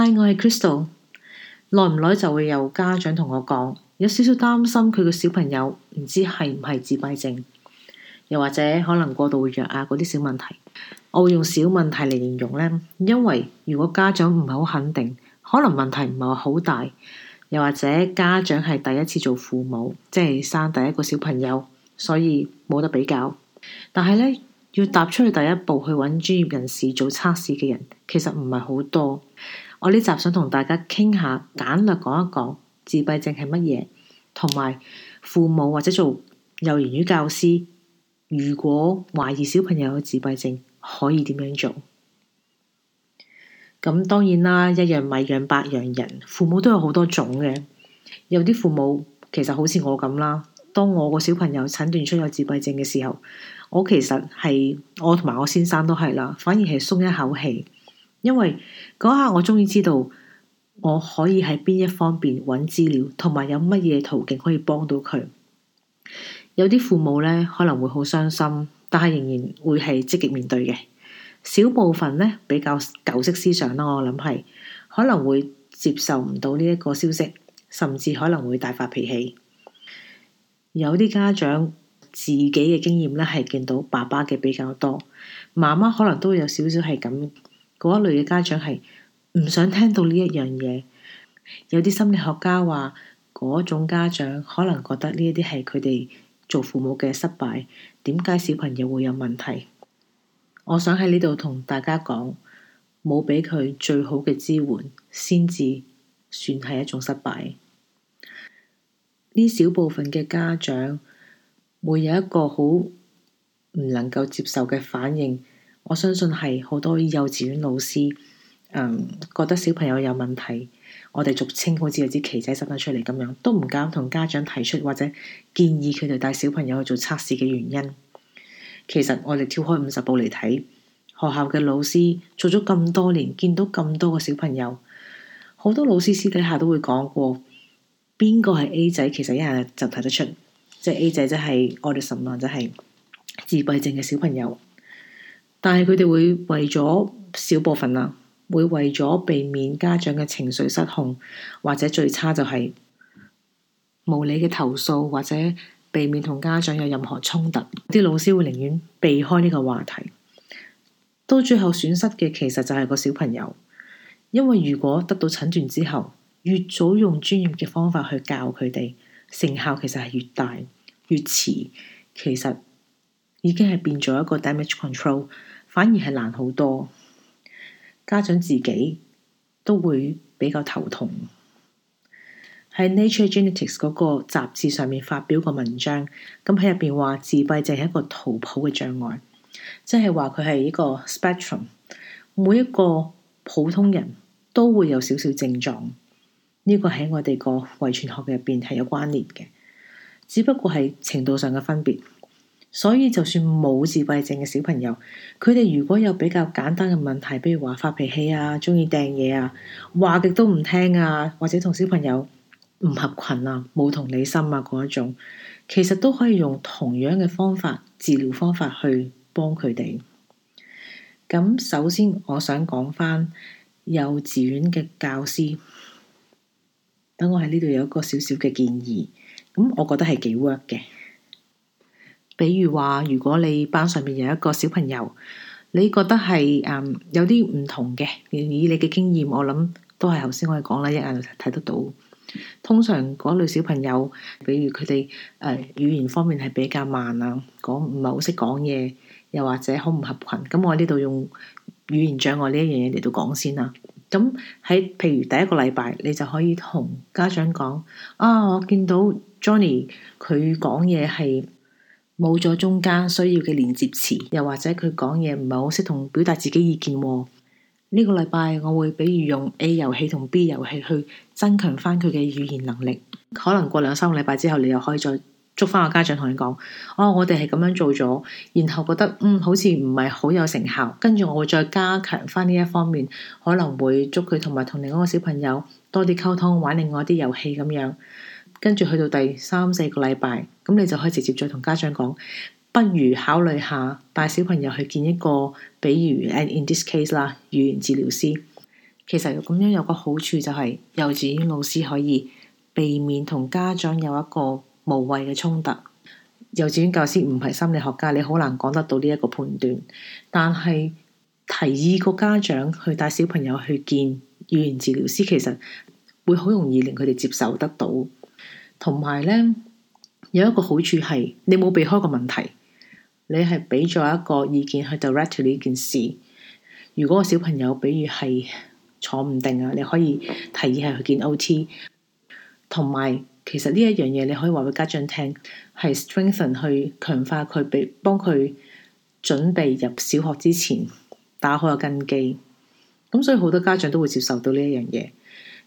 Hi, 我係 Crystal，耐唔耐就會有家長同我講，有少少擔心佢個小朋友唔知係唔係自閉症，又或者可能過度活躍嗰啲小問題。我會用小問題嚟形容呢，因為如果家長唔係好肯定，可能問題唔係話好大，又或者家長係第一次做父母，即係生第一個小朋友，所以冇得比較。但係呢，要踏出去第一步去揾專業人士做測試嘅人，其實唔係好多。我呢集想同大家傾下，簡略講一講自閉症係乜嘢，同埋父母或者做幼兒園教師，如果懷疑小朋友有自閉症，可以點樣做？咁當然啦，一樣米養百樣人，父母都有好多種嘅。有啲父母其實好似我咁啦，當我個小朋友診斷出有自閉症嘅時候，我其實係，我同埋我先生都係啦，反而係鬆一口氣。因為嗰下我終於知道我可以喺邊一方面揾資料，同埋有乜嘢途徑可以幫到佢。有啲父母呢，可能會好傷心，但係仍然會係積極面對嘅。小部分呢，比較舊式思想啦，我諗係可能會接受唔到呢一個消息，甚至可能會大發脾氣。有啲家長自己嘅經驗呢，係見到爸爸嘅比較多，媽媽可能都有少少係咁。嗰一類嘅家長係唔想聽到呢一樣嘢，有啲心理學家話，嗰種家長可能覺得呢一啲係佢哋做父母嘅失敗，點解小朋友會有問題？我想喺呢度同大家講，冇俾佢最好嘅支援，先至算係一種失敗。呢小部分嘅家長會有一個好唔能夠接受嘅反應。我相信係好多幼稚園老師，嗯，覺得小朋友有問題，我哋俗稱好似有支旗仔生翻出嚟咁樣，都唔敢同家長提出或者建議佢哋帶小朋友去做測試嘅原因。其實我哋跳開五十步嚟睇，學校嘅老師做咗咁多年，見到咁多個小朋友，好多老師私底下都會講過，邊個係 A 仔，其實一下就睇得出，即係 A 仔即、就、係、是、我哋神浪、就是，即係自閉症嘅小朋友。但係佢哋會為咗少部分啦，會為咗避免家長嘅情緒失控，或者最差就係無理嘅投訴，或者避免同家長有任何衝突，啲老師會寧願避開呢個話題。到最後損失嘅其實就係個小朋友，因為如果得到診斷之後，越早用專業嘅方法去教佢哋，成效其實係越大；越遲，其實。已經係變咗一個 damage control，反而係難好多。家長自己都會比較頭痛。喺 Nature Genetics 嗰個雜誌上面發表個文章，咁喺入邊話自閉症係一個逃跑嘅障礙，即係話佢係一個 spectrum，每一個普通人都會有少少症狀。呢個喺我哋個遺傳學入邊係有關聯嘅，只不過係程度上嘅分別。所以，就算冇自閉症嘅小朋友，佢哋如果有比較簡單嘅問題，比如話發脾氣啊、中意掟嘢啊、話極都唔聽啊，或者同小朋友唔合群啊、冇同理心啊嗰一種，其實都可以用同樣嘅方法，治療方法去幫佢哋。咁首先，我想講翻幼稚園嘅教師，等我喺呢度有一個小小嘅建議，咁我覺得係幾 work 嘅。比如話，如果你班上面有一個小朋友，你覺得係、嗯、有啲唔同嘅，以你嘅經驗，我諗都係頭先我哋講啦，一眼就睇得到。通常嗰類小朋友，比如佢哋誒語言方面係比較慢啊，講唔係好識講嘢，又或者好唔合群。咁我呢度用語言障礙呢一樣嘢嚟到講先啦。咁喺譬如第一個禮拜，你就可以同家長講啊，我見到 Johnny 佢講嘢係，冇咗中間需要嘅連接詞，又或者佢講嘢唔係好識同表達自己意見。呢個禮拜我會譬如用 A 遊戲同 B 遊戲去增強翻佢嘅語言能力。可能過兩三個禮拜之後，你又可以再捉翻個家長同你講，哦，我哋係咁樣做咗，然後覺得嗯好似唔係好有成效。跟住我會再加強翻呢一方面，可能會捉佢同埋同另外一個小朋友多啲溝通，玩另外一啲遊戲咁樣。跟住去到第三四個禮拜，咁你就可以直接再同家長講，不如考慮下帶小朋友去見一個，比如，and in this case 啦，語言治療師。其實咁樣有個好處就係幼稚園老師可以避免同家長有一個無謂嘅衝突。幼稚園教師唔係心理學家，你好難講得到呢一個判斷。但係提議個家長去帶小朋友去見語言治療師，其實會好容易令佢哋接受得到。同埋呢，有一個好處係你冇避開個問題，你係畀咗一個意見去 direct 呢件事。如果個小朋友比如係坐唔定啊，你可以提議係去見 OT。同埋，其實呢一樣嘢你可以話俾家長聽，係 strengthen 去強化佢俾幫佢準備入小學之前打開個根基。咁所以好多家長都會接受到呢一樣嘢，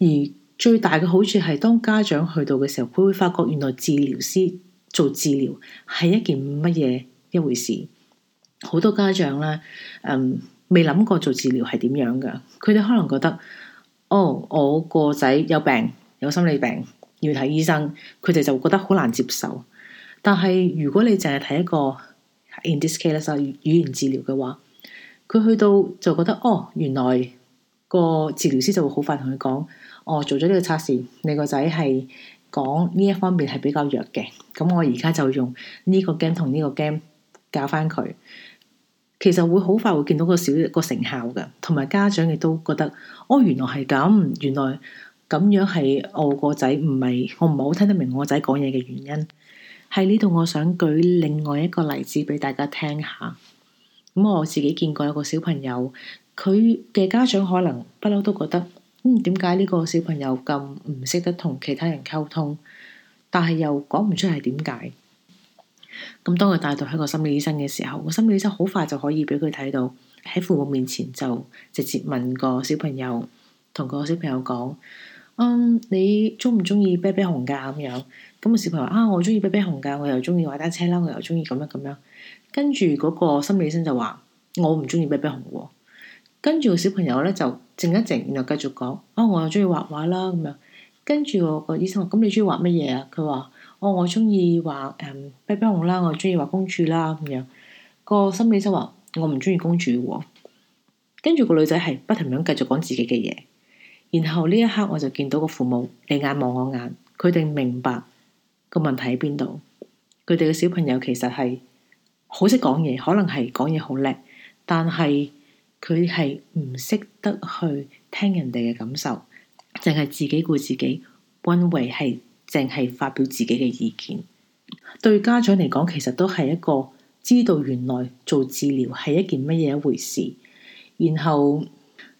而。最大嘅好處係，當家長去到嘅時候，佢會發覺原來治療師做治療係一件乜嘢一回事。好多家長呢，嗯，未諗過做治療係點樣嘅，佢哋可能覺得，哦，我個仔有病，有心理病，要睇醫生，佢哋就會覺得好難接受。但係如果你淨係睇一個 in this case 啦，語言治療嘅話，佢去到就覺得，哦，原來。個治療師就會好快同佢講：哦，做咗呢個測試，你個仔係講呢一方面係比較弱嘅，咁我而家就用呢個 game 同呢個 game 教翻佢。其實會好快會見到個小個成效嘅，同埋家長亦都覺得：哦，原來係咁，原來咁樣係我個仔唔係我唔係好聽得明我個仔講嘢嘅原因。喺呢度，我想舉另外一個例子俾大家聽下。咁我自己見過有個小朋友。佢嘅家長可能不嬲都覺得，嗯，點解呢個小朋友咁唔識得同其他人溝通，但係又講唔出係點解。咁當佢帶到去個心理醫生嘅時候，個心理醫生好快就可以俾佢睇到，喺父母面前就直接問個小朋友，同個小朋友講：嗯，你中唔中意啤啤熊㗎？咁樣，咁個小朋友啊，我中意啤啤熊㗎，我又中意玩單車啦，我又中意咁樣咁樣。跟住嗰個心理醫生就話：我唔中意啤啤熊喎。跟住個小朋友咧就靜一靜，然後繼續講，啊，我又中意畫畫啦咁樣。跟住個醫生話：，咁你中意畫乜嘢啊？佢話：，哦，我中意畫誒，啤啤熊啦，我中意畫，嗯，畫公主啦咁樣。個心理醫生話：，我唔中意公主。跟住個女仔係不停咁繼續講自己嘅嘢。然後呢一刻，我就見到個父母，你眼望我眼，佢哋明白個問題喺邊度。佢哋嘅小朋友其實係好識講嘢，可能係講嘢好叻，但係。佢係唔識得去聽人哋嘅感受，淨係自己顧自己，溫為係淨係發表自己嘅意見。對家長嚟講，其實都係一個知道原來做治療係一件乜嘢一回事。然後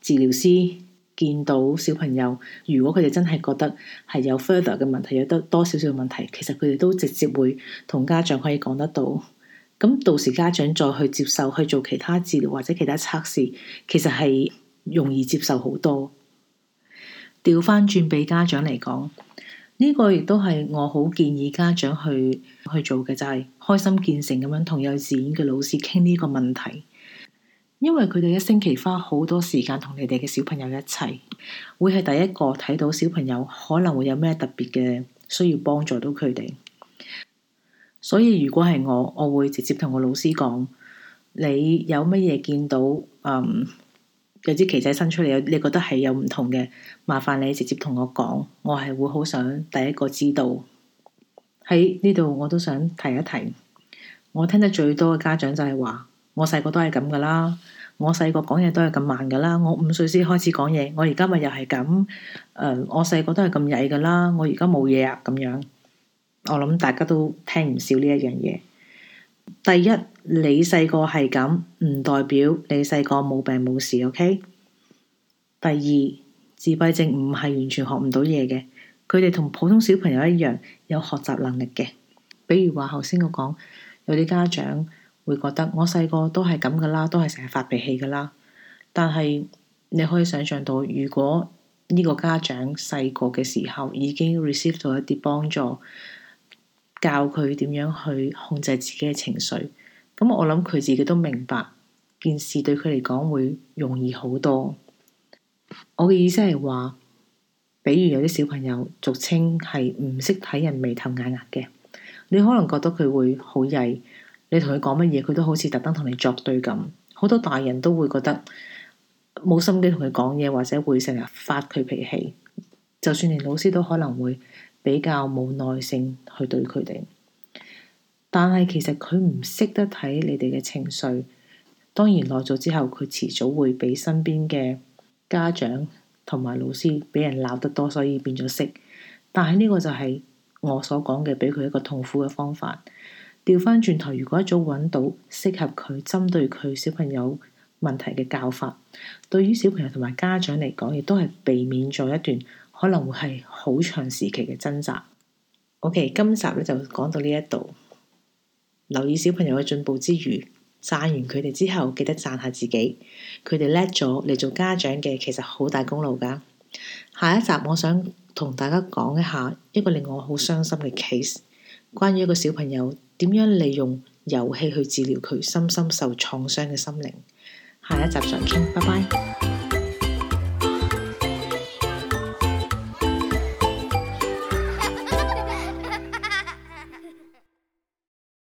治療師見到小朋友，如果佢哋真係覺得係有 further 嘅問題，有得多少少問題，其實佢哋都直接會同家長可以講得到。咁到時家長再去接受去做其他治療或者其他測試，其實係容易接受好多。調翻轉俾家長嚟講，呢、這個亦都係我好建議家長去去做嘅，就係、是、開心見誠咁樣同幼稚園嘅老師傾呢個問題，因為佢哋一星期花好多時間同你哋嘅小朋友一齊，會係第一個睇到小朋友可能會有咩特別嘅需要幫助到佢哋。所以如果係我，我會直接同我老師講，你有乜嘢見到？嗯，有啲奇仔伸出嚟，你覺得係有唔同嘅？麻煩你直接同我講，我係會好想第一個知道。喺呢度我都想提一提，我聽得最多嘅家長就係話，我細個都係咁噶啦，我細個講嘢都係咁慢噶啦，我五歲先開始講嘢，我而家咪又係咁。誒，我細個都係咁曳噶啦，我而家冇嘢啊咁樣。我諗大家都聽唔少呢一樣嘢。第一，你細個係咁，唔代表你細個冇病冇事。OK？第二，自閉症唔係完全學唔到嘢嘅，佢哋同普通小朋友一樣有學習能力嘅。比如話，頭先我講有啲家長會覺得我細個都係咁噶啦，都係成日發脾氣噶啦。但係你可以想象到，如果呢個家長細個嘅時候已經 receive 到一啲幫助。教佢點樣去控制自己嘅情緒，咁我諗佢自己都明白件事對佢嚟講會容易好多。我嘅意思係話，比如有啲小朋友俗稱係唔識睇人眉頭眼額嘅，你可能覺得佢會好曳，你同佢講乜嘢佢都好似特登同你作對咁。好多大人都會覺得冇心機同佢講嘢，或者會成日發佢脾氣，就算連老師都可能會，比較冇耐性去對佢哋，但係其實佢唔識得睇你哋嘅情緒。當然耐咗之後，佢遲早會俾身邊嘅家長同埋老師俾人鬧得多，所以變咗識。但係呢個就係我所講嘅，俾佢一個痛苦嘅方法。調返轉頭，如果一早揾到適合佢針對佢小朋友問題嘅教法，對於小朋友同埋家長嚟講，亦都係避免咗一段可能會係好長時期嘅掙扎。OK，今集咧就講到呢一度。留意小朋友嘅進步之餘，讚完佢哋之後，記得讚下自己。佢哋叻咗，嚟做家長嘅其實好大功勞㗎。下一集我想同大家講一下一個令我好傷心嘅 case，關於一個小朋友點樣利用遊戲去治療佢深深受創傷嘅心靈。下一集再傾，拜拜。